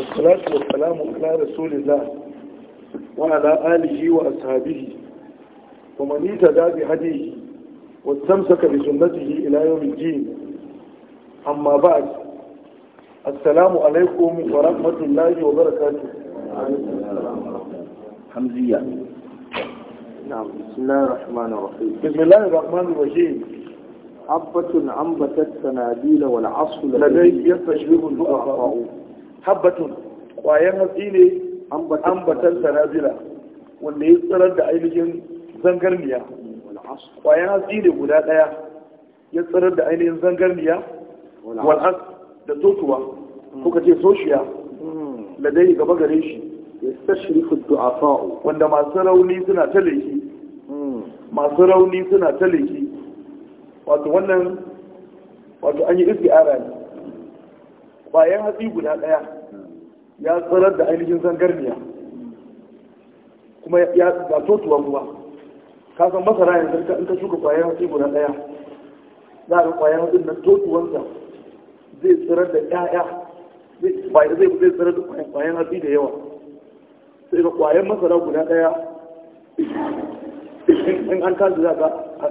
والصلاة والسلام على رسول الله وعلى آله وأصحابه ومن اهتدى بهديه واستمسك بسنته إلى يوم الدين أما بعد السلام عليكم ورحمة الله وبركاته حمزية نعم بسم الله الرحمن الرحيم بسم الله الرحمن الرحيم عبة أنبتت سناديل والعصف لديه يستشرب الفقراء habbatun ƙwayan hatsi ne ambatan sanabila wanda ya tsirar da ainihin zangarniya ƙwayan hatsi ne guda ɗaya ya tsirar da ainihin zangarniya wal'as da totuwa hmm. kuka ce soshiya hmm. ladai gaba gare shi ya tashrifu du'afa'u wanda masu rauni suna ta leki hmm. masu rauni suna ta leki wato wannan wato an yi istiara ne bayan hatsi guda ɗaya ya tsarar da ainihin zangarniya kuma ya ba totuwa ruwa ka san masara yanzu in ka shuka kwayan hatsi guda ɗaya za a ga kwayan hatsi na totuwansa zai tsarar da ƴaƴa zai zai tsarar da kwayan hatsi da yawa sai ga ƙwayan masara guda ɗaya in an kanta za ka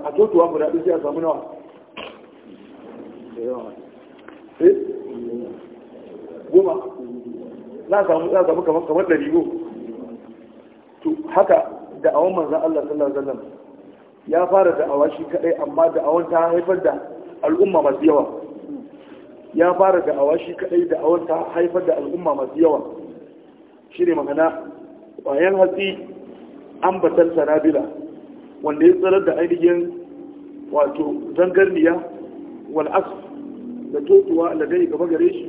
a totuwa guda daya sai a samu nawa goma za a samu kamar ɗari go to haka da'awan manzan Allah sallallahu alaihi wasallam ya fara da'awa shi kadai amma da'awan ta haifar da al'umma masu yawa ya fara da'awa shi kadai da'awan ta haifar da al'umma masu yawa shi ne magana bayan hatsi an batar sanabila wanda ya tsarar da ainihin wato zangarniya wal'as da totuwa da gani gaba gare shi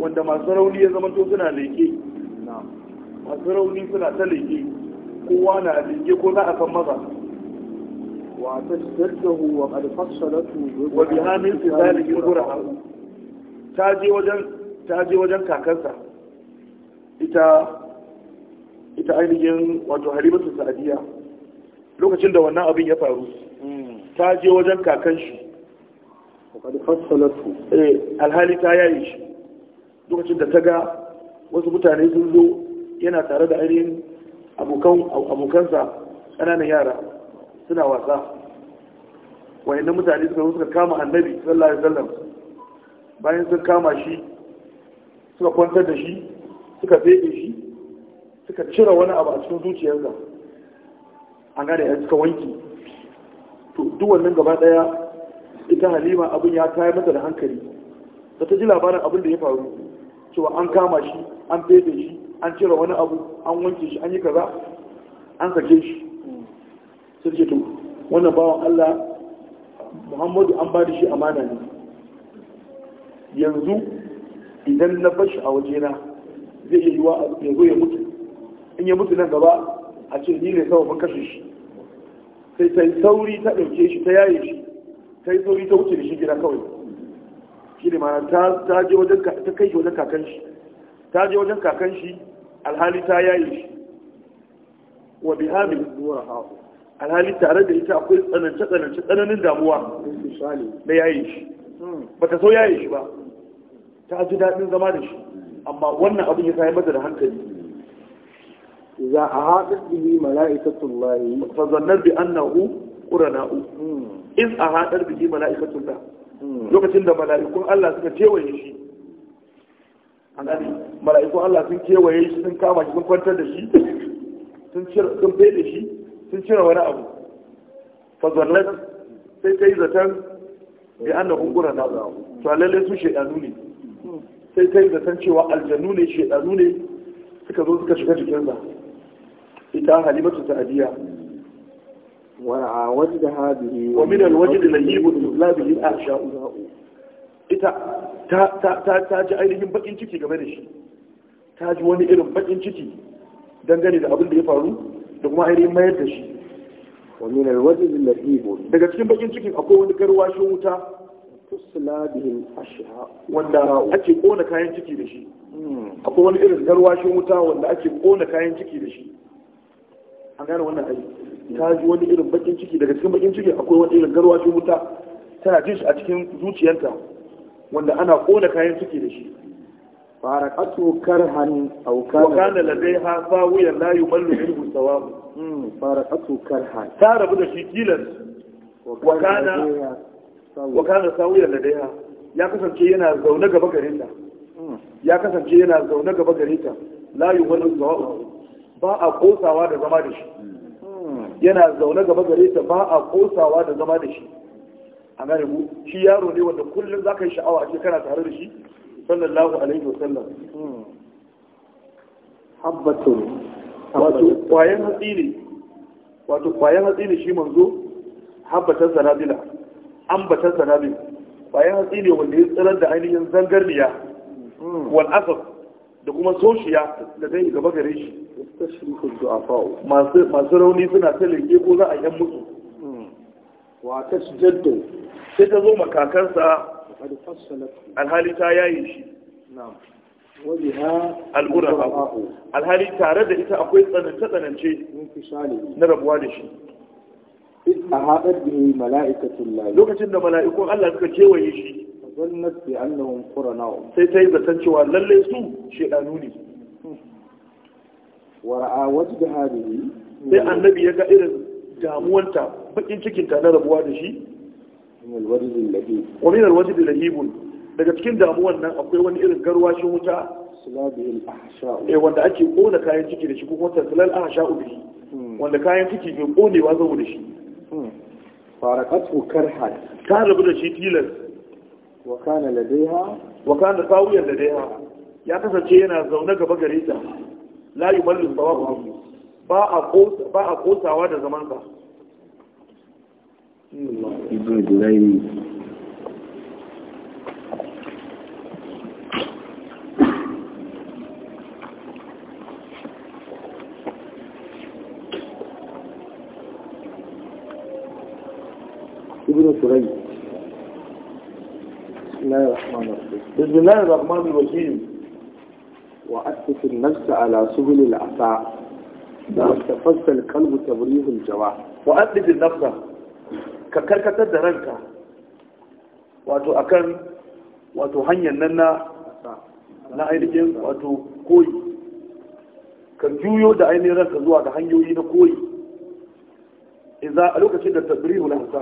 wanda masu rauni ya to suna leke masu rauni suna ta leke kowa na leke ko za a san maza wa ta shiddahu wa da su wa bi min su za ta je wajen ta je wajen kakansa ita ita ainihin wato halimatu sa'diya lokacin da wannan abin ya faru ta je wajen kakan shi faɗi alhali ta yayi shi lokacin da ta ga wasu mutane sun zo yana tare da ainihin abokansa ƙananan yara suna wasa wayannan mutane suka zo suka kama annabi sallallahu alaihi wasallam bayan sun kama shi suka kwantar da shi suka fede shi suka cire wani abu a cikin zuciyarsa an gane suka wanki to duk wannan gaba daya ita halima abin ya tayar mata da hankali da ta ji labarin abin da ya faru cewa an kama shi an fefe shi an cire wani abu an wanke shi an yi kaza an sake shi sai ce to wannan bawan Allah Muhammadu an ba da shi amana ne yanzu idan na bar shi a wajena zai iya yiwa ya zo ya mutu in ya mutu nan gaba a ce ni ne sababin kashe shi sai ta sauri ta ɗauke shi ta yaye shi sai sauri ta wuce da shi gida kawai shi ne mana ta je wajen ta kai shi wajen kakan shi ta je wajen kakan shi alhali ta yayi shi wa bi hamil nura ha alhali tare da ita akwai tsanance tsanance tsananin damuwa da yayi shi ba ta so yayi shi ba ta ji dadin zama da shi amma wannan abin ya sai mata da hankali za a haɗa ɗini mala'ikatullahi fa zannar bi annahu uku. Hmm. in a haɗar biki mala'ikatun da hmm. lokacin da mala'ikun Allah suka kewaye shi mala'ikun Allah sun kewaye shi sun kama shi sun kwantar da shi sun fede shi sun cire wani abu fazallat sai ta yi zaton bi an da ƙungura na to lalle su shaidanu ne hmm. sai ta yi zaton cewa aljannu ne shaidanu ne suka zo suka shiga za. ita halimatu ta'adiyya ووجدها به ومن الوجد لهيب لا به الأحشاء ita ta ji ainihin bakin ciki game da shi ta ji wani irin bakin ciki dangane da abin da ya faru da kuma ainihin mayar da shi ومن الوجد اللذيب daga cikin bakin cikin akwai wani garwashin wuta tusla bihin ashha wanda ake kona kayan ciki da shi hmm. akwai wani irin garwashin wuta wanda ake kona kayan ciki da shi an gane wannan ai ta ji wani irin bakin ciki daga cikin bakin ciki akwai wani irin garwashin wuta tana jin shi a cikin zuciyarta wanda ana kona kayan ciki da shi farakatu karhan aw kana wa kana ladaiha sawiyan la yumallu minhu sawab hmm, farakatu karhan ta rabu da shi kilan wa kana wa kana sawiyan ladaiha ya kasance yana zaune gaba gare ta hmm. ya kasance yana zaune gaba gare ta la yumallu sawab ba a kosawa da zama da shi yana zaune gaba gare ta ba a kosawa da zama da shi a gane mu shi yaro ne wanda kullum za ka yi sha'awa ake kana tare da shi sallallahu alaihi wa sallam habbatu wato kwayan hatsi ne wato kwayan hatsi ne shi manzo habbatan zanabila ambatan zanabil kwayan hatsi ne wanda ya tsirar da ainihin zangarniya wal asaf da kuma soshiya da zai gaba gare shi masu rauni suna ta lege ko za a yan mutu. Hmm. wa ta jaddo sai ta zo makakansa alhali ta yayi shi al'ura alhali tare da ita akwai tsanance-tsanance na rabuwa da shi a haɗar da mala'ikatun lokacin da mala'ikun Allah suka kewaye shi zannat bi annahum qurana'u sai ta yi zaton cewa lalle su shedanu ne wa ra'a wajda hadihi sai annabi ya ga irin damuwanta bakin cikin ta na rabuwa da shi wa min alwajdi lahibun daga cikin damuwan nan akwai wani irin garwashin wuta eh wanda ake kona kayan ciki da shi ko kuma tasalal ahsha'u bihi hmm. wanda kayan ciki bai konewa saboda shi hmm. farakatu karha ta rabu da shi tilas wa kana ladaiha da kana ladaiha ya kasance yana zaune gaba gare ta la yumallu sawabu ba a ba a kosawa da zaman ibn بسم الله الرحمن الرحيم وأسس النفس على سبل العطاء تفصل القلب تبريه الجواح وأسس النفس ككركة درنك wato akan wato hanyar nan na na ainihin wato koyi ka juyo da ainihin ranka zuwa da hanyoyi na koyi a lokacin da tabrihul hasa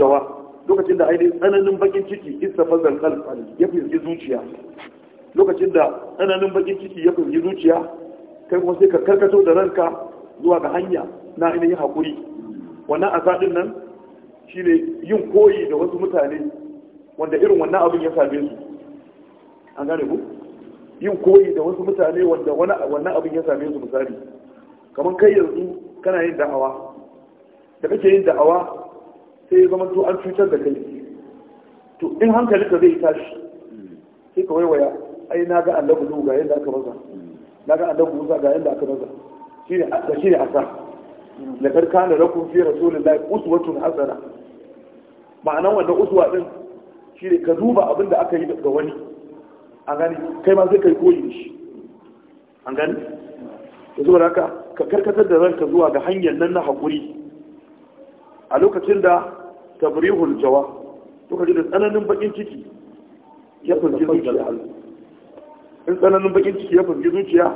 jawa lokacin da ainihin tsananin bakin ciki isa fazal kalb ya yi zuciya lokacin da tsananin bakin ciki ya yi zuciya kai kuma sai ka karkato da ranka zuwa ga hanya na ainihin haƙuri wannan a zaɗin nan shi ne yin koyi da wasu mutane wanda irin wannan abin ya same su an gane ku yin koyi da wasu mutane wanda wannan abin ya same su misali kamar kai yanzu kana yin da'awa da kake yin da'awa sai ya zama to an cutar da kai to in hankali ka zai tashi sai ka waiwaya ai na ga Allah zuwa ga yadda aka maza na ga Allah zuwa ga yadda aka maza sa, da shine asa la kar da lakum fi rasulillahi uswatun hasana ma'anan wanda uswa din shi ne ka duba abin da aka yi ga wani an gani kai ma sai ka yi koyi shi an gani ka zuwa da ka karkatar da ranka zuwa ga hanyar nan na hakuri a lokacin da tabrihul jawa lokacin da tsananin bakin ciki ya fulgi zuciya in tsananin bakin ciki ya fulgi zuciya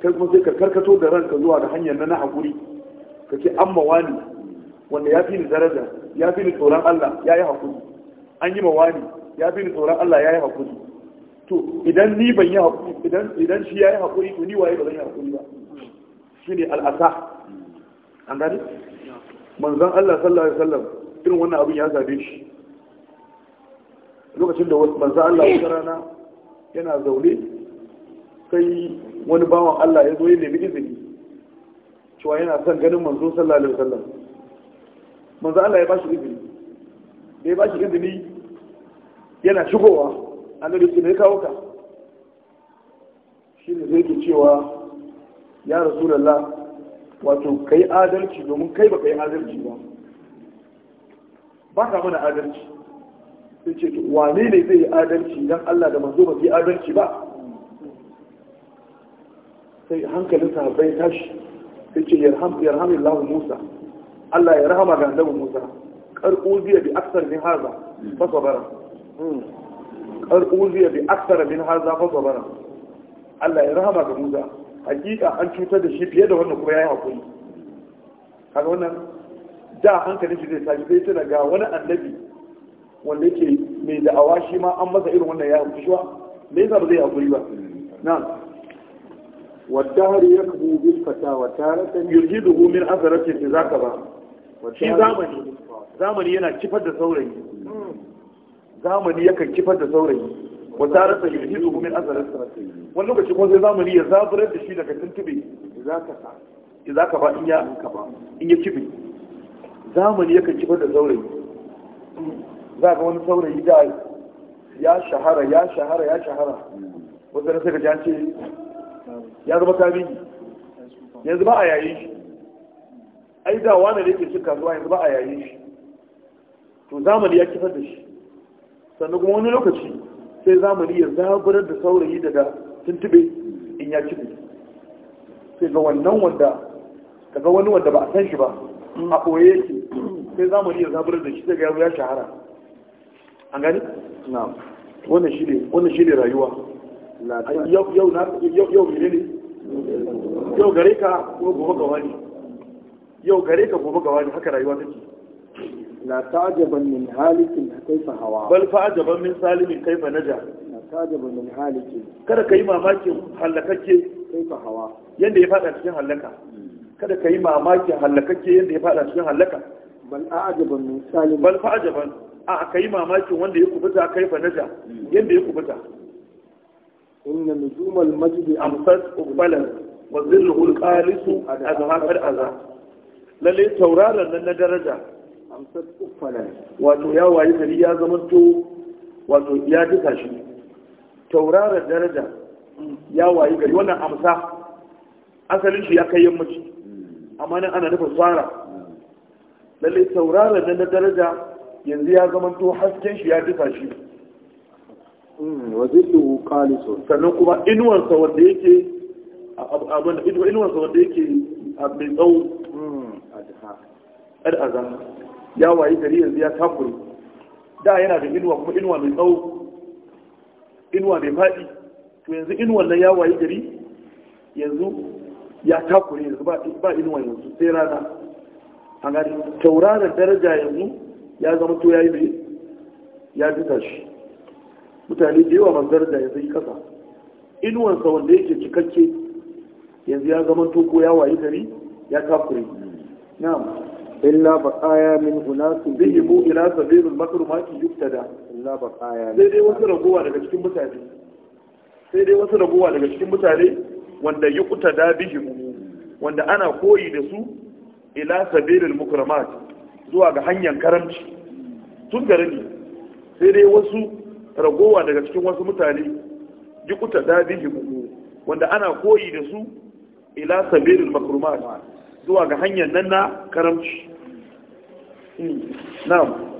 kai kuma sai ka karkato da ranka zuwa da hanyar na na haƙuri ka ce an mawani wanda ya fi ni daraja ya fi ni tsoron Allah ya yi haƙuri an yi mawani ya fi ni tsoron Allah ya yi haƙuri to idan ni ban yi haƙuri idan idan shi ya yi haƙuri to ni waye ba zan yi haƙuri ba shine al'asa an gani manzan Allah sallallahu alaihi wasallam irin wannan abin ya zabe shi lokacin da manzan Allah wata rana yana zaune sai wani bawan Allah ya zo ya nemi izini cewa yana son ganin manzo sallallahu alaihi wasallam manzan Allah ya bashi izini da ya bashi izini yana shigowa nan sai ya kawo ka shi ne zai ke cewa ya rasulullah wato ka yi adalci domin kai ba ka yi adalci ba ba ka mana adalci sai ce to wane ne zai yi adalci idan Allah da manzo ba su yi adalci ba sai hankalin sahabbai tashi sai ce yarhamin lahu musa Allah ya rahama ga annabi musa karɓo ziya bi aksar min haza fa sabara karɓo ziya bi aksar min haza fa sabara Allah ya rahama ga musa hakika an cutar da shi fiye da wannan kuma ya yi haƙuri kaga wannan da hankalin shi zai tashi zai tuna ga wani annabi wanda yake mai da'awa shi ma an masa irin wannan ya haƙuri shi ba me yasa ba zai haƙuri ba na'am yi يكبو بالفتى وتارة يجده من أثرة إذا كبا shi zamani zamani yana kifar da saurayi zamani yakan kifar da saurayi wa tarasa yuhidu min azalin wani lokaci kuma sai zamani ya zaburar da shi daga tuntube za ka ba in ya in ya kibe zamani yakan kibar da saurayi za ga wani saurayi da ya shahara ya shahara ya shahara wanda na saka ce ya zama tarihi yanzu ba a yayin shi ai da wani da yake cin kasuwa yanzu ba a yayin shi to zamani ya kifar da shi sannan kuma wani lokaci sai zamani ya zaburar da saurayi daga tuntube in ya cibi sai ga wannan wanda daga wani wanda ba a san shi ba a ɓoye yake sai zamani ya zaburar da shi daga yaro ya shahara an gani? na wannan shi ne rayuwa yau na yau ne yau gare ka gobe gawa ne, yau gare ka gobe gawa ne haka rayuwa take لا ta'jaban من halikin kaifa hawa bal fa'jaban من salimin kaifa نجا لا ta'jaban من halikin kada kai mamakin halakakke كيف هوا ya cikin halaka kada kai mamakin halakake yanda ya fada cikin halaka bal a'jaban min salimin bal fa'jaban a kai mamakin wanda ya kubuta kaifa naja yanda ya kubuta inna nujumal majdi amsas uqbalan wa zillu alqalisu azhaqal lalle tauraron nan na daraja amsar uffalan wato ya wayi gari ya zamanto wato ya ji shi Taurara daraja ya wayi gari wannan amsa asalin shi ya kai yammaci amma nan ana nufin fara lallai taurara nan na daraja yanzu ya zamanto hasken shi ya duka shi su hmm, kali qalisun sannan kuma inuwarsa wanda yake abin inuwarsa wanda yake mai tsawo hmm, adha ya wayi gari yanzu ya takure da yana da inuwa kuma inuwa mai tsawo inuwa mai faɗi to yanzu inuwan nan ya wayi gari yanzu ya takure yanzu ba inuwa yanzu sai rana a gani tauraron daraja yanzu ya zama to ya yi mai ya duka shi mutane da yawa masu daraja yanzu yi kasa inuwansa wanda yake cikakke yanzu ya zama to ko ya wayi gari ya takure na'am illa sai dai wasu rabuwa daga cikin mutane wanda yuktada bihimu koyi da su ila zuwa ga hanyar karamci wanda ana koyi da su ila sabilul makrumat zuwa ga hanyar karamci نعم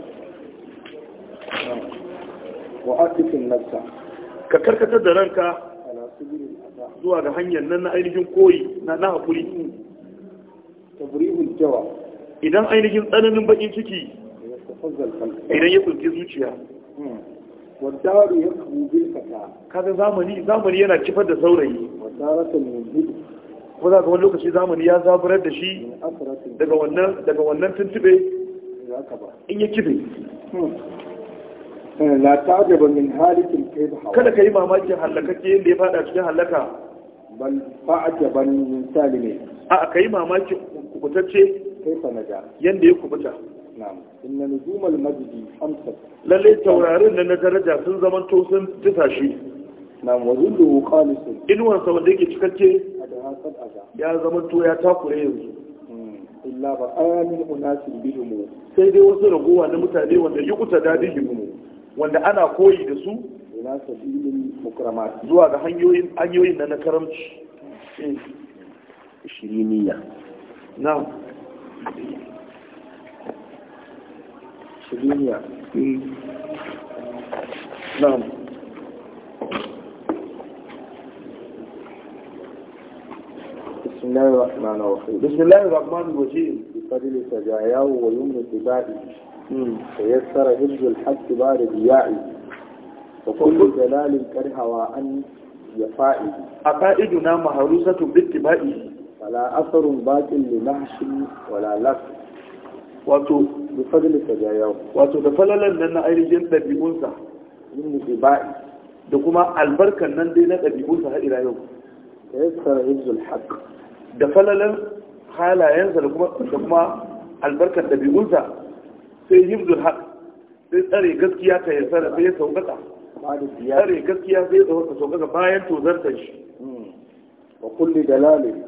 ka karkatar da ranka zuwa ga hanyar nan na ainihin koyi na na idan ainihin tsananin bakin ciki idan ya kunci zuciya hmm. wadaru ya zamani yana da za ga wani lokaci zamani ya zaburar da shi daga wannan tuntube in ya kibe hmm. eh, min kada mamakin halakake yanda ya fada cikin min mamakin kubutacce ya kubuta taurarin da na daraja sun zaman to sun tusa shi da cikakke ya zamanta to ya takure yanzu illa ba amin bihimu sai dai wasu ragowa na mutane wanda yi kuta da himu wanda ana koyi da su ila sabilin mukramat zuwa ga hanyoyin hanyoyin na karamci shiriniya na shiriniya hmm. na الله الرحمن الرحيم بسم الله الرحمن الرحيم بفضل سجاياه ويمن اتباعه ويسر حفظ الحق بار ضياعه وكل جلال كره وان يفائه عقائدنا مهروسة باتباعه فلا أثر باطل لنحش ولا لك واتو بفضل سجاياه واتو wato لنا أي nan na ainihin ɗabi'unsa yin itibai da kuma albarkan nan dai na ɗabi'unsa har da falalar halayensa da kuma albarkar ɗabi'unsa sai hibzul Haq sai tsare gaskiya ta tsara sai ya saukata tsare gaskiya sai ya saukata bayan tozartar shi wa kulli dalalin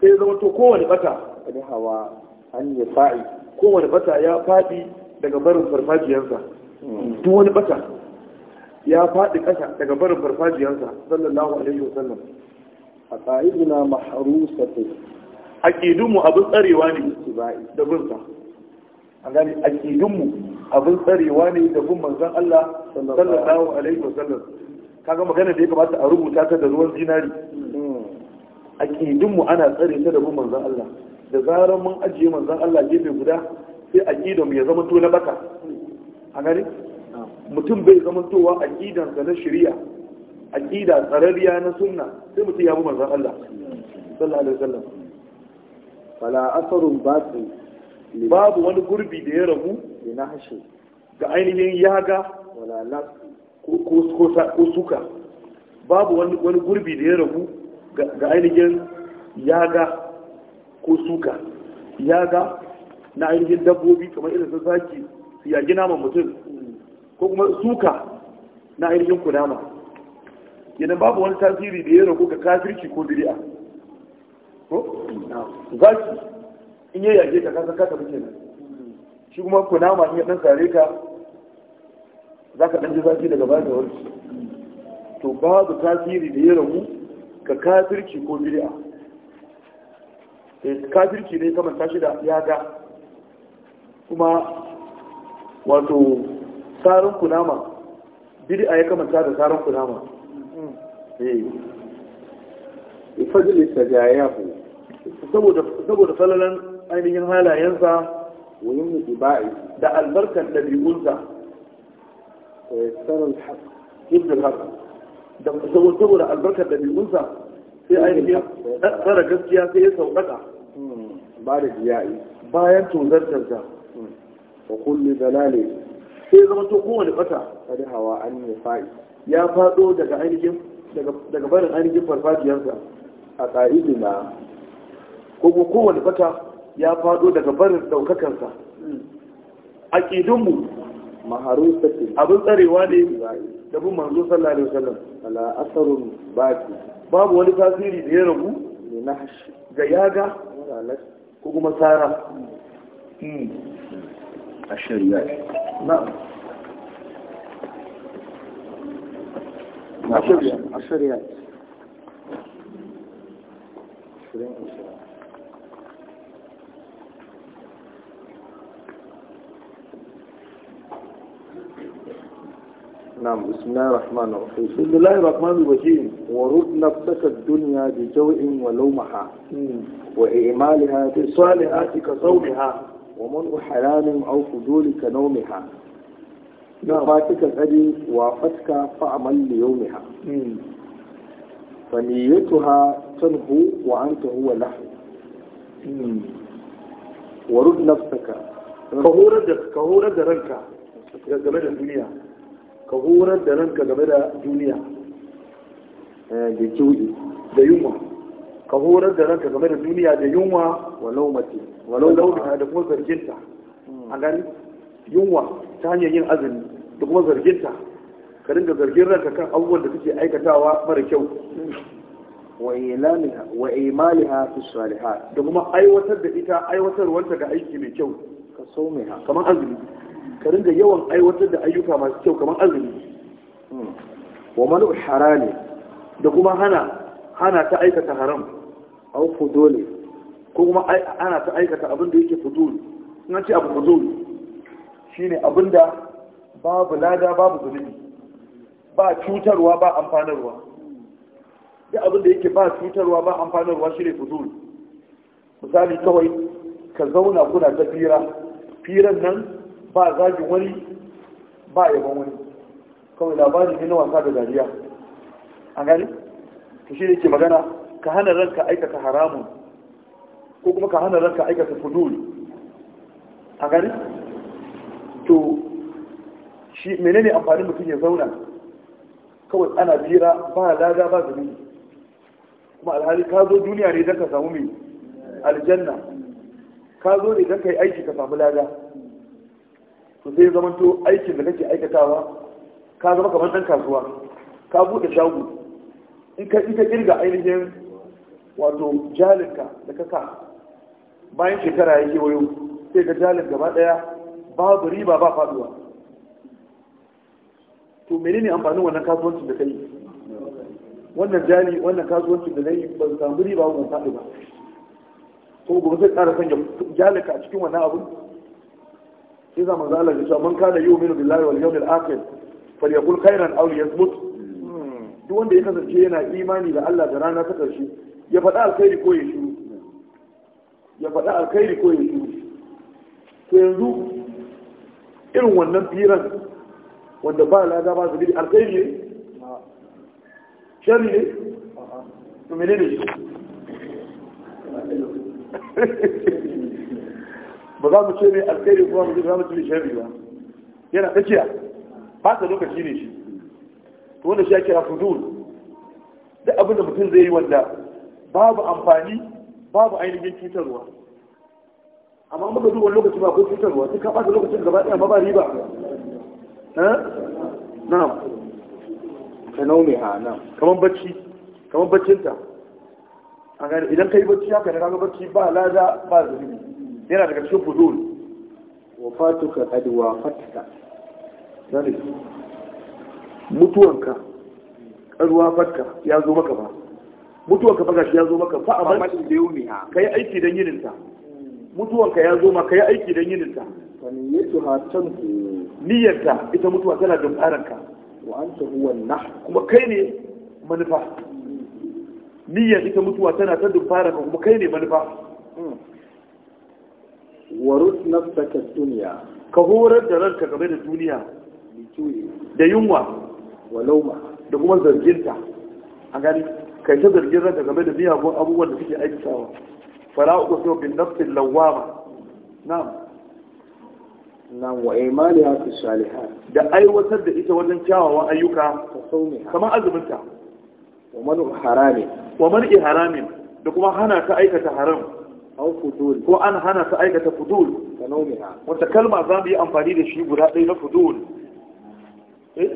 sai zama to kowane bata Wani hawa an yi fa'i kowane bata ya faɗi daga barin farfajiyarsa duk wani bata ya faɗi ƙasa daga barin farfajiyarsa sallallahu alaihi wasallam a ƙa'iduna maharusatai aƙidunmu abun tsarewa ne da binsa a gani aƙidunmu abin tsarewa ne da bin manzon Allah sallallahu alaihi wasallam kaga magana da ya kamata a rubuta ta da ruwan zinari hmm. aƙidunmu ana tsare ta da bin manzon Allah da zarar mun ajiye manzon Allah gefe guda sai mu ya zama to na baka an gani mutum bai zama towa sa na shari'a aqida tsararriya na sunna sai mutum ya bi manzon Allah sallallahu alaihi wasallam fala asarun batin babu wani gurbi da ya rabu na hashe ga ainihin yaga wala ko suka babu wani gurbi da ya rabu ga ainihin yaga ko suka yaga na ainihin dabbobi kamar irin su zaki ya gina ma mutum ko kuma suka na ainihin kunama yana babu wani tasiri da ya ragu ga kafirci ko biri'a. ko zaki in ya yage ka kasa kasa muke nan shi kuma kunama in ya dan sare ka za ka ji zafi daga ba da wani to babu tasiri da ya ragu ga kafirci ko biri'a. eh kafirci ne kamar tashi da ga kuma wato tsarin kunama biri'a ya kamanta da tsarin kunama Eh. ifajil tajayahu saboda saboda falalan ainihin halayensa wa yin ibai da albarkan dabi'unsa wa eh, yasaral haq ibn haq da saboda albarkan dabi'unsa sai ainihin tsara gaskiya sai ya sauƙaƙa ba da jiyayi bayan tozartarta wa kulli dalali sai zama to kowane fata kada hawa an ya fa'i ya fado daga ainihin daga barin ainihin farfajiyarsa a ƙa'idi na kuma kowane fata ya fado daga barin ɗaukakansa a ƙidinmu maharun sassi abin tsarewa ne da bin manzo sallari alaihi wasallam ala asarun baki babu wani tasiri da ya rabu ga yaga ko kuma tsara hmm. Hmm. a ريال ريال نعم بسم الله الرحمن الرحيم بسم الله الرحمن الرحيم ورد نفسك الدنيا بجوع ولومها وإعمالها بصالحاتك صومها ومنع حلال أو فضول كنومها fatika gari wa fatka fa'amal da yau ne ha hmm. faniyatu ha tanhu wa an ta huwa lahu hmm. wa rud nafsaka ka horar da ka da ranka game da duniya ka horar da ranka game da duniya eh, da jiwi da yunwa ka horar da ranka game da duniya da yunwa wa laumati wa laumati da kuma zarginta hmm. a gani yunwa ta hanyar yin azumi da kuma zarginta ka dinga zargin ranka kan abubuwan da kake aikatawa mara kyau wa imaliha fi salihat da kuma aiwatar da ita aiwatarwarta ga aiki mai kyau ka saumiha kamar azumi ka dinga yawan aiwatar da ayyuka masu kyau kamar azumi hmm. wa malu harami da kuma hana hana ta aikata haram au fuduli ko kuma ana ta aikata abin da yake fuduli in an ce abu fuduli shine abinda babu lada babu zunubi ba cutarwa ba amfanarwa duk abinda yake ba cutarwa ba amfanarwa shine fuzul misali kawai ka zauna kuna ta fira firan nan ba zagin wani ba yaban wani kawai labari ne na wasa da dariya an gani Ka shi ne ke magana ka hana ranka aikata haramun ko kuma ka hana ranka aikata fudul A gani shi menene amfanin mutum ya zauna kawai ana jira ba lada ba zumi kuma alhali ka zo duniya ne don ka samu mai aljanna ka zo ne don ka yi aiki ka samu lada to sai zama to aikin da kake aikatawa ka zama kamar ɗan kasuwa ka buɗe shago in ka ita kirga ainihin wato jalinka da ka bayan shekara ya wayo, sai ga jalin gaba ɗaya babu riba ba faɗuwa. to menene amfanin wannan kasuwancin da kai wannan jali wannan kasuwancin da na ba ban samu riba ba ban faɗi ba ko gobe zai tsara sanya jalaka a cikin wannan abu sai za manzo Allah ya ce man kana yu'minu billahi wal yawmil akhir yaqul khairan aw yasmut duk wanda ya kasance yana imani da Allah da rana ta karshe ya faɗa alkhairi ko ya shiru ya faɗa alkhairi ko ya shiru to yanzu irin wannan firan wanda ba lada ba zubi alkhairi ne shari ne to mene ne ba za mu ce ne alkhairi kuma mu za mu ce shari ba yana tsakiya ba ta lokaci ne shi to wanda shi ya kira fudul da abinda mutum zai yi wanda babu amfani babu ainihin cutarwa amma muka wani lokaci ba ko cutarwa duka ba lokacin gaba ɗaya ma ba riba Eh? na'am ka naune ha na'am kamar bacci kamar baccinta idan ka yi bacci haka da kaga bacci ba lada ba zubi yana daga cikin fudul wafatuka adwa fatka zane mutuwanka karuwa fatka ya zo maka ba mutuwanka ba gashi ya zo maka fa amma da yau ne ha kai aiki dan yininta mutuwanka ya zo maka kai aiki dan yininta faniyatuha tanfu niyyarka ita mutuwa tana dumbaranka wa anta huwa nah kuma kai ne manufa niyyar ita mutuwa tana ta dumbaranka kuma kai ne manufa wa nafsaka dunya ka horar da ranka game da duniya da yunwa wa lauma da kuma zarginta a gani kai ta zargin ranka game da miyagun abubuwan da suke aikatawa fara'u ko bin nafsin lawama na'am nan wa imaliha fi salihat da aiwatar da ita wajen kyawawan ayyuka kamar azuminta wa man harami wa man iharamin da kuma hana ka aikata haram aw fudul ko an hana ka aikata fudul kanomiha wata kalma za mu yi amfani da shi guda ɗaya na fudul eh?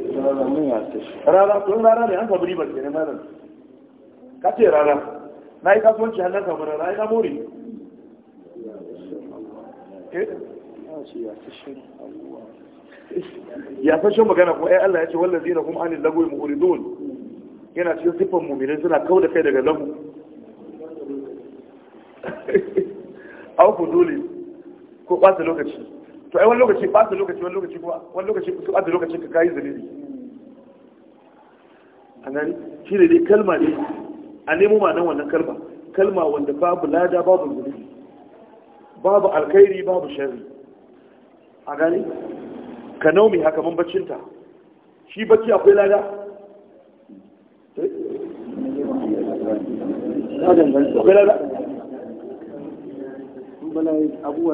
rara to rara ne an samu riba ke ne malam ka ce rara na yi kasuwanci hannun kamar na yi more eh ya fashin magana kuma ai eh, Allah ya ce wallazi na kuma anil lagwi mu'ridun yana cikin sifan mu'minin suna kauda kai daga lagu aw dole ko ɓata lokaci to ai wani lokaci ɓata lokaci wani lokaci kuma wani lokaci su ɓata lokaci ka kayi zunubi a nan shi ne dai kalma ne a nemo ma nan wannan kalma kalma wanda babu lada babu zunubi babu alkhairi babu sharri a gani ka naumi haka man baccinta shi bacci akwai lada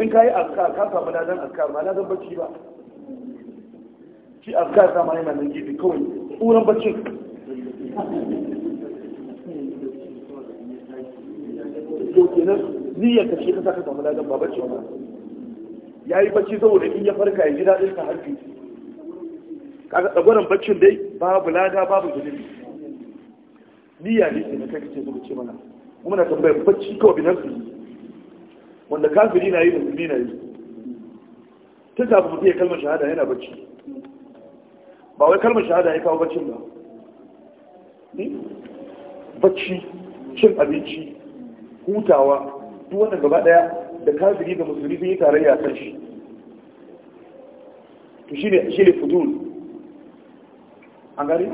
in ka yi askar ka samu ladan askar ba ladan bacci ba shi askar sama yana nan gefe kawai tsoron baccin to kenan niyyar ka ce ka saka samu ladan ba bacci ba ya yi bacci saboda in ya farka ya ji daɗin ta harfi kaga tsagwaron baccin dai babu lada babu zunubi niyya ne sai na kai kace zuwa ce mana kuma na tambayar bacci kawai binar su wanda kafiri na yi da musulmi na yi tun kafin mutum ya kalmar shahada yana bacci ba wai kalmar shahada ya kawo baccin ba bacci cin abinci hutawa duk wannan gaba daya da kafiri da musulmi sun yi tarayya kan shi to shi ne shi ne fudul an gari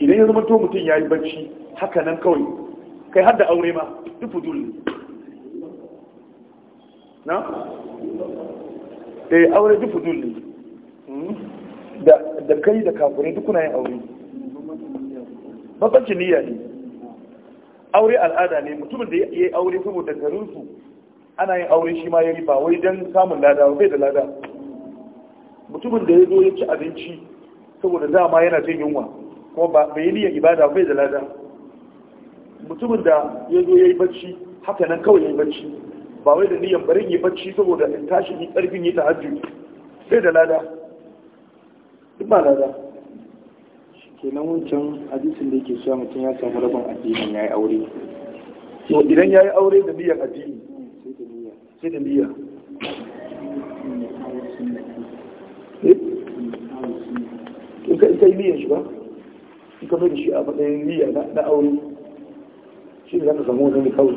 idan ya zama to mutum ya yi bacci haka nan kawai kai har da aure ma duk fudul ne na? eh aure duk fudul ne hmm? da kai da kafirai duk kuna yin aure babban niyya ne aure al'ada ne mutumin da ya yi aure saboda garinsu ana yin aure shi ma ya riba wai don samun lada bai da lada mutumin da ya zo ya ci abinci saboda dama yana jin yunwa kuma ba bai yi niyyar ibada bai da lada mutumin da ya zo ya yi bacci haka nan kawai ya yi bacci ba wai da niyyar barin yi bacci saboda in tashi ni karfin yi tahajjud bai da lada duk ba lada kenan wancan hadisin da yake cewa mutum ya samu rabon addini ya yi aure to idan ya yi aure da niyyar addini sai da niyya eh? in ka ita yi niyyar shi ba in ka mai da shi a matsayin niyya na aure shi ne za ka samu wani kawai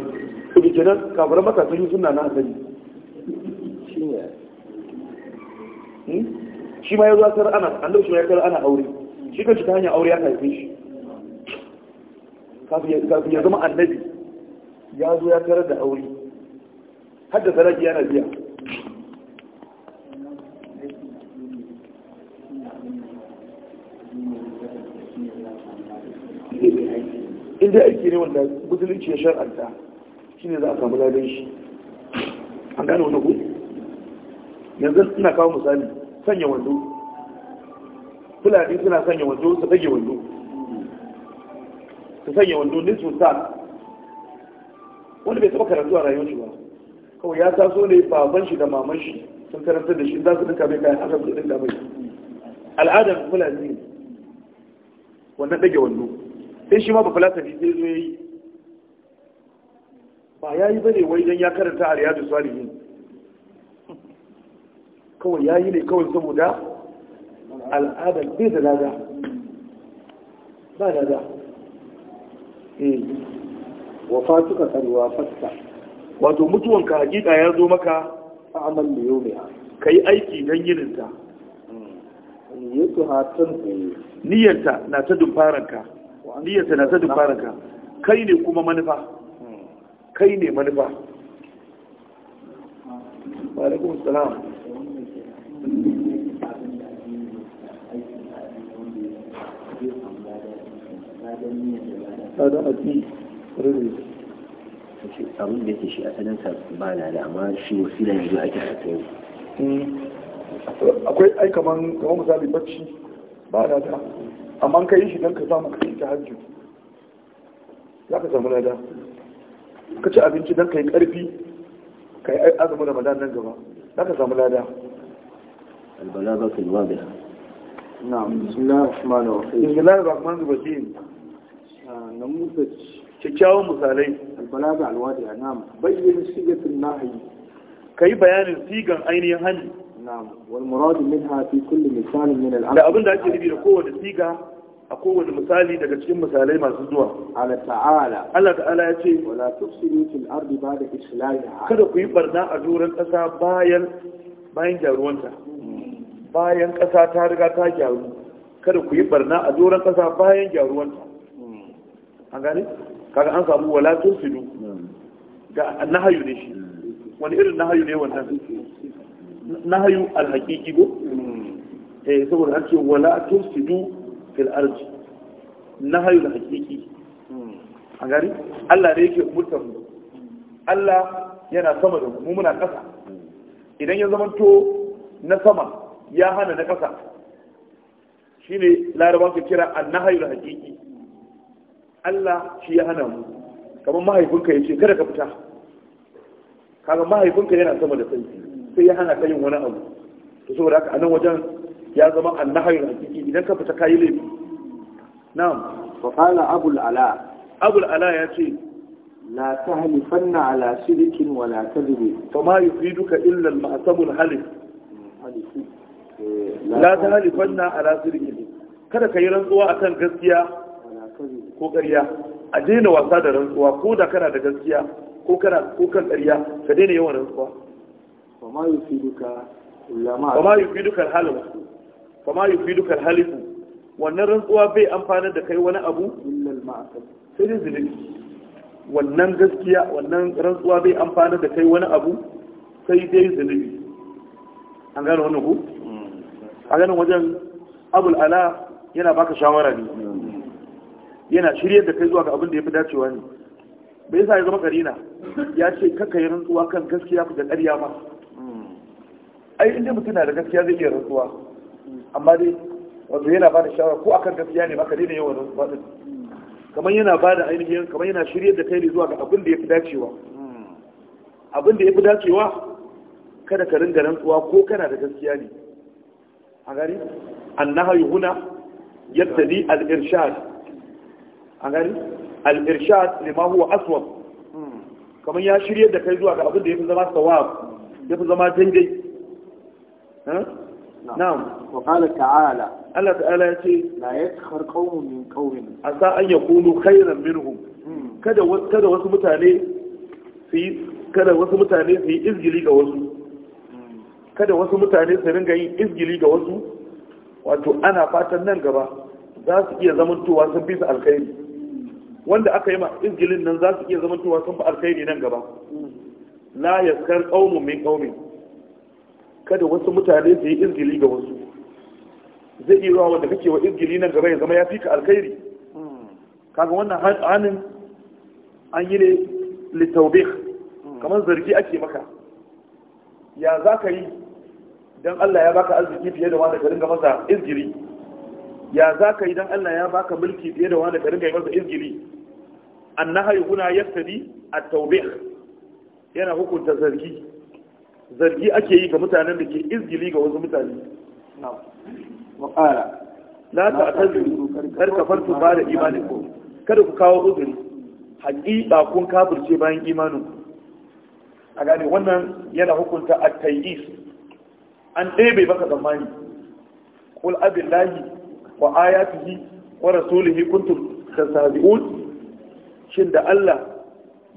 ko da kenan kafaran maka sun yi suna na asali hmm? shi ma ya zo asar ana an dauki ya kar ana aure shi kan shi ta hanyar aure ya haife shi kafin ya zama annabi ya zo ya karar da aure hadda sadaki yana biya inda aiki ne wanda musulunci ya shar'anta shi ne za a samu ladan shi an gano wani ku yanzu suna kawo misali sanya wando fulani suna sanya wando su sanya wando su sanya wando nisu sa wanda bai taba karatu a rayuwar shi ba kawai ya taso ne baban shi da maman shi sun karanta da shi za su dinka mai kayan haka su dinka mai al'adar fulani ne wannan ɗage wando sai shi ma ba ne sai zo ya yi ba ya yi bane wai don ya karanta a riyadu salihin kawai ya yi ne kawai saboda al'adar bai da lada ba lada eh wa fatuka kan wa wato mutuwanka hakika ya zo maka a amal da yau mai ka yi aiki don yininta niyyanta na ta dumfaranka niyyanta na ta dumfaranka kai ne kuma manufa kai ne manufa alaikun salam Ada aji, abin da yake shi ba na da amma shi wasila yanzu ake hmm, akwai kaman misali bacci ba na da amma ka yi shi don ka samu ka za ka samu lada ka ci abinci don ka yi karfi ka yi azumin ramadan nan gaba za ka samu lada البلاغة الواضحة نعم بسم الله الرحمن الرحيم بسم الله الرحمن الرحيم kyakkyawan misalai balaga alwadiya na'am bayyin sigatin Ka yi bayanin sigan ainihin hali na'am wal min minha fi kulli misal min al da abinda ake nufi da kowace siga a kowane misali daga cikin misalai masu zuwa ala ta'ala Allah ta'ala ya ce wala tufsidu fil ardi ba'da islahiha kada ku yi barna a doron kasa bayan bayan gyaruwanta bayan kasa ta riga ta gyaru kada ku yi barna a doron kasa bayan gyaruwanta an gane kaga an samu wala tunsidu hmm. ga nahayu ne shi wani irin nahayu ne wannan nahayu alhaqiqi go hmm. eh saboda an ce wala tunsidu fil ardi nahayu alhaqiqi hmm. a gari Allah ne yake umurtar mu Allah yana sama da mu muna kasa. idan ya to na sama ya hana na kasa, shine laraba ke kira annahayul haqiqi Allah shi ya hana mu kamar mahaifinka ya ce kada ka fita kaga mahaifinka yana sama da kai sai ya hana ka yin wani abu to saboda haka a nan wajen ya zama annahayul hakiki idan ka fita kayi laifi na'am fa qala abul ala abul ala ya ce la tahlifanna ala shirkin wa la kadhibi fa ma yufiduka illa al ma'samul halif la tahlifanna ala shirkin kada ka yi rantsuwa akan gaskiya ko ƙarya a daina wasa da rantsuwa ko da kana da gaskiya ko kana ko kan ƙarya ka daina yawan rantsuwa yi fama yufiduka ulama fama yi fi dukar yufiduka halifu wannan rantsuwa bai amfana da kai wani abu illal sai dai zunubi wannan gaskiya wannan rantsuwa bai amfana da kai wani abu sai dai zunubi an gane wannan ku mm. a ganin wajen abul ala yana baka shawara ne yana shiryar da kai zuwa ga abin da ya fi dacewa ne me yasa ya zama karina ya ce kaka yi rantsuwa kan gaskiya ku da ƙarya ma ai inda mutum na da gaskiya zai iya rantsuwa amma dai wato yana ba da shawara ko akan gaskiya ne maka daina yawan rantsuwa din kamar yana ba da ainihin kamar yana shiryar da kai ne zuwa ga abin da ya fi dacewa abin da ya fi dacewa kada ka ringa rantsuwa ko kana da gaskiya ne a gari annaha yuhuna yattali al-irshad an al-irshad lima huwa aswab kamar ya shirye da kai zuwa ga abin da yafi zama sawab yafi zama daidai na'am wa qala ta'ala ya ce la yaskhar qaumun min qaumin asa an yakunu khayran minhum hmm. kada wasu mutane su kada ga wasu hmm. ringa yin izgili ga wasu wato ana fatan nan gaba za su iya zamantowa sun su alkhairi wanda aka yi ma izgilin nan za su iya zama tuwa sun fi alkhairi nan gaba la yaskar tsaunin min tsaunin. kada wasu mutane su yi izgili ga wasu zai iya ruwa wanda kake wa izgili nan gaba ya zama ya fi ka alkhairi kaga wannan hannun an yi ne litaubik kamar zargi ake maka ya za ka yi don Allah ya baka arziki fiye da wanda ka ringa masa izgili? ya za ka yi don Allah ya baka mulki fiye da wanda ka ringa masa izgili? annahyu huna yaftadi at-tawbih yana hukunta zargi zargi ake yi ga mutanen da ke izgili ga wasu mutane na'am wa qala la ta'tadiru kar kafartu ba da imanikum kada ku kawo uzuri haƙiƙa kun kafirce bayan imanin a gane wannan yana hukunta a tayyis an ɗebe baka zamani kul abillahi wa ayatihi wa rasulihi kuntum sabi'un. shin da Allah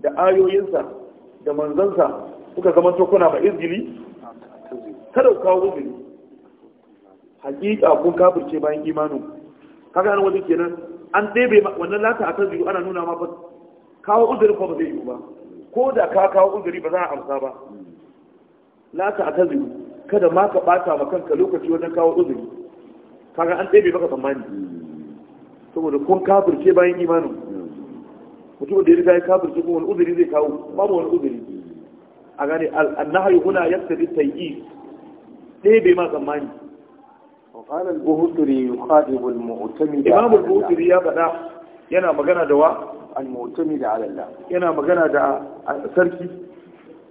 da ayoyinsa da manzansa suka zama tokuna kuna ba izgili kada ku kawo izgili hakika kun kafirce bayan imanin kaga an wajen kenan an ɗebe wannan lata a kan ana nuna ma ba kawo uzuri ko ba zai yi ba ko da ka kawo uzuri ba za a amsa ba lata a kan kada ma ka ɓata ma kanka lokaci wajen kawo uzuri kaga an ɗebe maka tsammani saboda kun kafirce bayan imanin Mutum da ya riga ya kafir su kuma uzuri zai kawo babu wani uzuri a gane annahayi huna ya tafi ta yi ɗaya bai ma tsammani imamul buhuturi ya faɗa yana magana da wa da alalla yana magana da sarki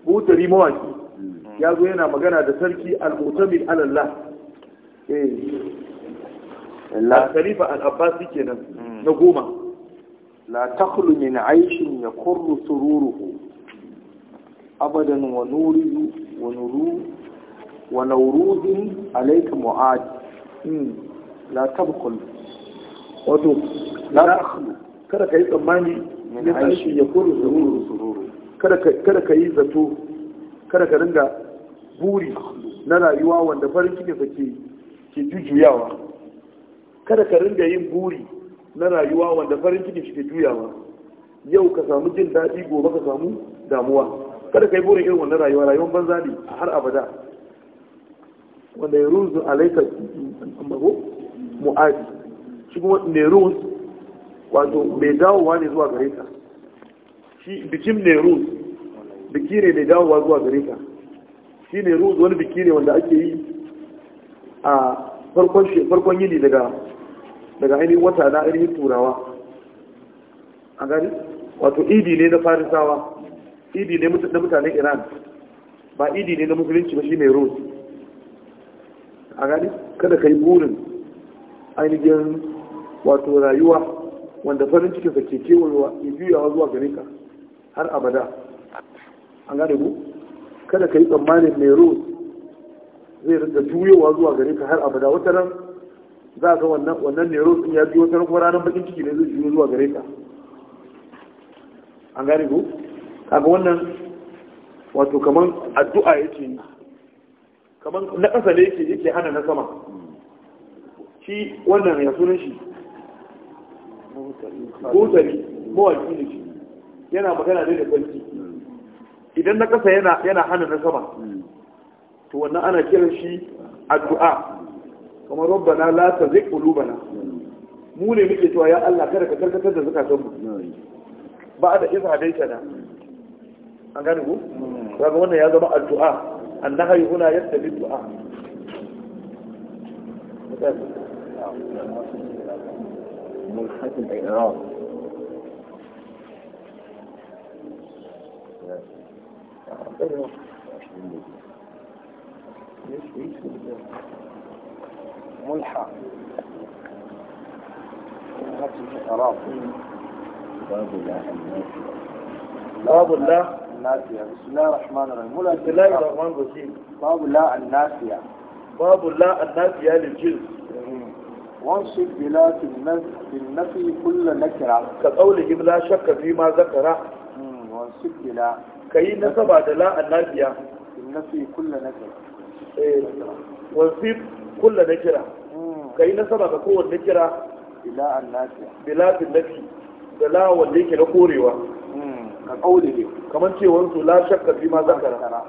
buhuturi mawaki hmm. ya zo yana magana da sarki al-mutumi da alalla eh al-Abbasi kenan hmm. na goma la takhlu min aishin yakurru sururuhu abadan wa nuri wa nuru wa nawrudin alayka mu'ad la tabkhul wato la takhlu kada kai tsammani min aishin yakurru sururu kada kada kai zato kada ka ringa buri na rayuwa wanda farin cikinsa ke ke jujuyawa kada ka ringa yin buri na rayuwa wanda farin ciki shi ke juyawa yau ka samu jin daɗi gobe ka samu damuwa kada ka yi burin irin wannan rayuwa rayuwar banza ne har abada wanda ya ruzu alaika mago mu'adi shi kuma neruz wato mai dawowa ne zuwa gare ka shi bikin neruz biki ne mai dawowa zuwa gare ka shi neruz wani biki ne wanda ake yi a farkon yini daga daga ainihin wata na ainihin turawa a gani wato idi ne na farisawa idi ne na mutanen iran ba idi ne na musulunci ba shi ne rose a gani kada ka yi burin ainihin wato rayuwa wanda farin cikinsa ke kewayewa ya juyawa zuwa gare ka har abada an gane ku kada ka yi tsammanin mai rose zai rinda juyowa zuwa gare ka har abada wata ran za ga wannan wannan ne rotsin ya biyo ta kuma ranar bakin ciki ne zai biyo zuwa gare ka an gane ko kaga wannan wato kaman addu'a yake ni kaman na ƙasa ne yake yake hana na sama shi wannan ya sunan shi kotari mawaki ne shi yana magana ne da sarki idan na ƙasa yana hana na sama to wannan ana kiran shi addu'a kuma rabbana la tazigh qulubana mu ne muke cewa ya Allah kada ka karkatar da zakatun mu ba da dai ta da an gane ku kaga wannan ya zama addu'a annahi huna yattabi du'a Thank you. ملحة باب الله باب الله الناسية بسم الله الرحمن الرحيم بسم الله الرحمن الرحيم باب الله الناسية باب الله الناسية للجنس وانصب بلا في النفي كل نكرة كقولهم لا شك فيما ذكر وانصب بلا كي بعد لا الناسية في النفي كل نكرة إيه. وانصب kulla na kira hmm. ka yi nasaba ga kowanne kira bilafin nafi da la wanda yake na korewa hmm. ka kaule ne kamar cewar su la shakka fi ma zakara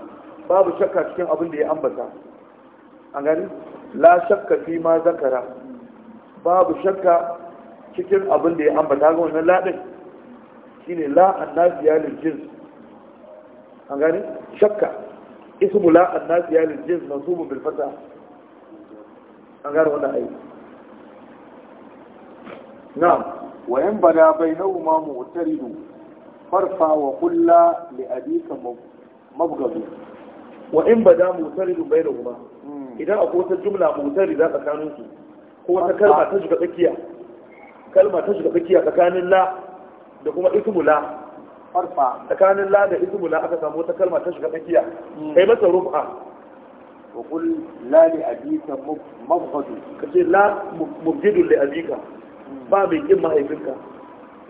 babu shakka cikin abin da ya ambata an gani la shakka fi ma zakara babu shakka cikin abin da ya ambata ga wannan ladin shine la an nafiya jins an gani shakka ismu la an nafiya lil jins mansubun bil fatah an gane wannan aiki na'am wa yan bada bai na bainahuma mu'taridu farfa wa kulla li abika mabgadu wa 'yan bada motar bai na bainahuma hmm. idan akwai wata jumla mu'tarida tsakanin su ko wata kalma ta shiga tsakiya kalma ta shiga tsakiya tsakanin la da kuma ismula. farfa tsakanin la da ismula aka samu wata kalma ta shiga tsakiya hmm. kai masa rufa وقل لا لأبيك مبغض كثير لا مبجد لأبيك ba mai kin mahaifinka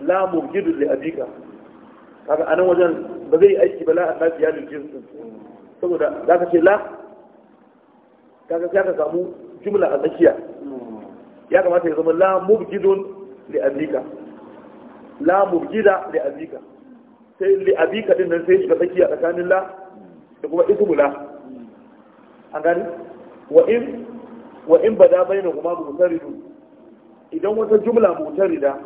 la mubjidun li abika kaga anan wajen ba zai aiki ba la a tafi yalin jinsin saboda za ka ce la kaga sai ka samu jumla a tsakiya ya kamata ya zama la mubjidun li abika la mubjida li sai li abika nan sai shiga tsakiya tsakanin la da kuma ismu la an gani wa'in ba da in kuma baina kuma mutaridu idan wata jumla da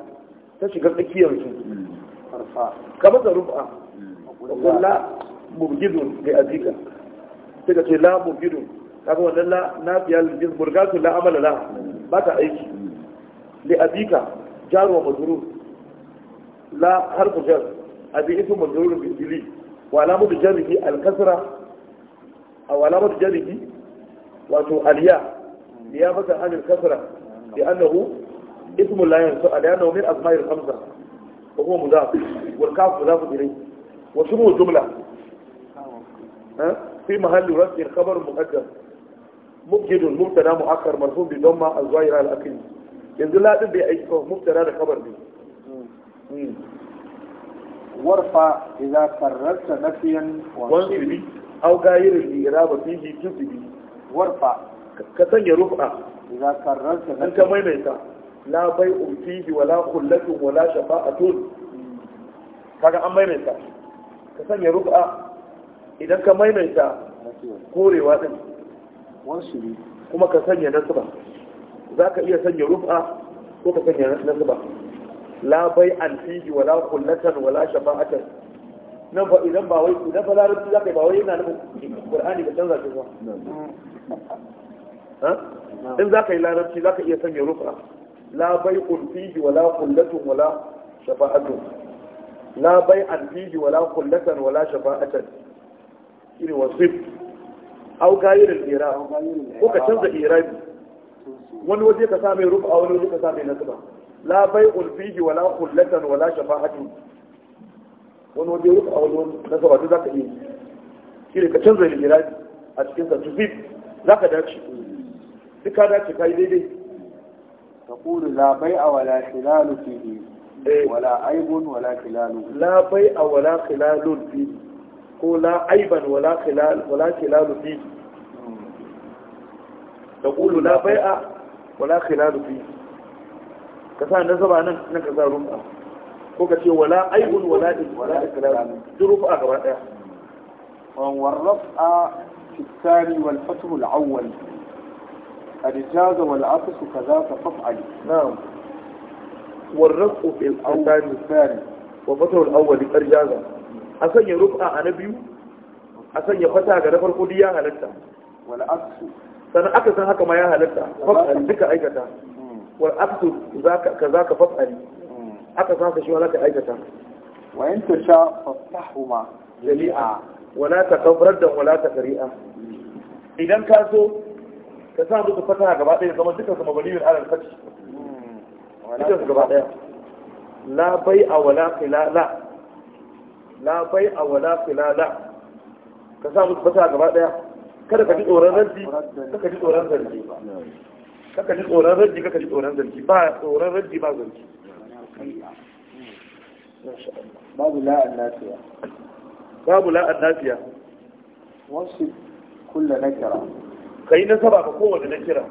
ta shiga tsakiyar su kama da rufa wa la mubgidun bi azika sai ka ce la mubgidun kaga wannan la biya lil murgatu la amala la ba ta aiki li azika jaru wa la harfu jar abi ismu majrur bi dili wa alamu bi jarri al kasra a wala mata jarigi wato aliya ya fasa hanyar kasara bi annahu ismu aliya na umir azmair hamza ko kuma muza wal kafu muza ku dire wa sumu jumla ha fi mahalli rasil khabar muqaddam mubtada mubtada muakkar marfu bi dhamma azwaira al akil yanzu ladin bai aiki ko mubtada da khabar ne hmm. warfa idza karrata nafiyan wa sirri aw gayirin iraba fihi tusibi warfa ka sanya rufa idza karrarta in ka maimaita la bai'un fihi wala khullatun wala shafa'atun kaga an maimaita ka sanya rufa idan ka maimaita korewa din wansu kuma ka sanya nasba za ka iya sanya rufa ko ka sanya nasba la bai'an fihi wala khullatan wala shafa'atan nan ba idan ba wai idan ba larabci za ka yi ba wai yana nufin qur'ani ka canza shi ba in za ka yi larabci za ka iya ya rufa la bai'un fihi wala qullatun wala shafa'atun la bai'an fihi wala qullatan wala shafa'atan shine wasif au gayirin ira ko ka canza irabi wani waje ka sa mai rufa wani waje ka sa mai nasaba la bai'un fihi wala qullatan wala shafa'atun wani waje rufe a wani wani nasaba za ka iya shi ne ka canza da jiradi a cikin sa tuzib za ka dace duk ka dace ka yi daidai ka kuri la bai a wala khilalu fihi eh. wala aibun wala khilalu la bai a wala khilalu fihi ko la aiban wala khilalu fihi ka kuri la bai a wala khilalu fihi ka sa nasaba nan ka sa rufa ko ka ce wala aibun wala din wala ikrar zuruf a gaba daya wan warraf a fitani wal fatu al awwal al jaza wal ka za ka fa'al warraf fi al fitani wa fatu al awwal al a sanya rufa a na biyu a sanya fata ga na farko duk ya halatta wal aqs aka san haka ma ya halatta fa'al duka aikata hmm. wal aqs za ka za aka ka shi wala ka aikata wa in sha fastahuma jami'a wala kabrar da wala takari'a idan ka so ka sa musu fata gaba ɗaya zama duka su mabaliyun alal fati hmm, duka su gaba ɗaya la bai a wala filala la bai a wala filala ka sa musu fata gaba ɗaya kada ka ji tsoron raddi ka ji tsoron zargi ka ji tsoron raddi ka ji tsoron zargi ba tsoron raddi ba zargi babu la'an nafiya babu la'an nafiya wasu kulle na kira ka yi nasaba ga kowane na kira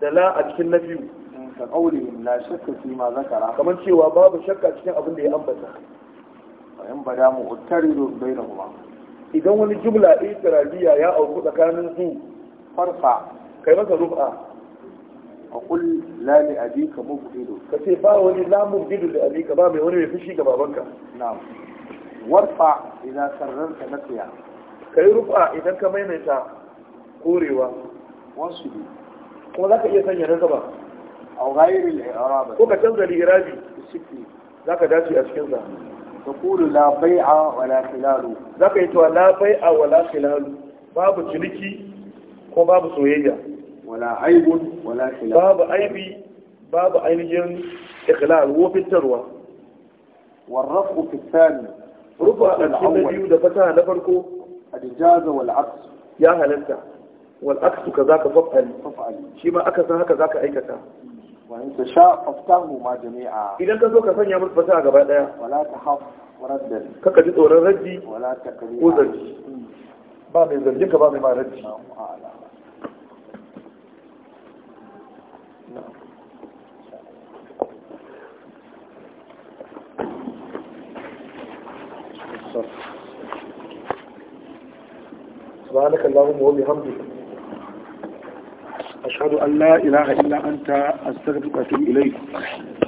da la a cikin na biyu ka ƙauri na shakka fi ma zakara kamar cewa babu shakka cikin abin da ya ambata bayan ba da mu uttari zo bai da kuma idan wani jumla ɗaya tarabiya ya auku tsakanin su farfa kai masa rufa فقل لا لأبيك مبدل كتفا وني لا مبدل لأبيك بابي وني يفشي كبابك نعم وارفع إذا سررت نفيا كي رفع إذا كمين إتا قوريوا وانسبي وذاك يسني نزبا أو غير الإعرابة الإعراب وكتنزل الإرابي السكري ذاك داتي أسكنزا تقول لا بيع ولا خلال ذاك يتوى لا بيع ولا خلال باب جلكي وباب سويا ولا عيب ولا خلاف باب عيب باب عيب إخلال وفي الثروه والرفع في الثاني رفع الأول دفتا لفركو الإجازة والعكس يا هل أنت والعكس كذاك فطل فطل شما أكسا هكذاك أي كتا وإن تشاء فطاه ما جميعا إذا كذو كفن يا مرفتا قبل ولا تحف وردد كقدت ورردي ولا تقريبا وزرج باب الزرجك باب ما ردش نعم أعلم الصف سبحانك اللهم وبحمدك أشهد أن لا إله إلا أنت أستغفرك إليك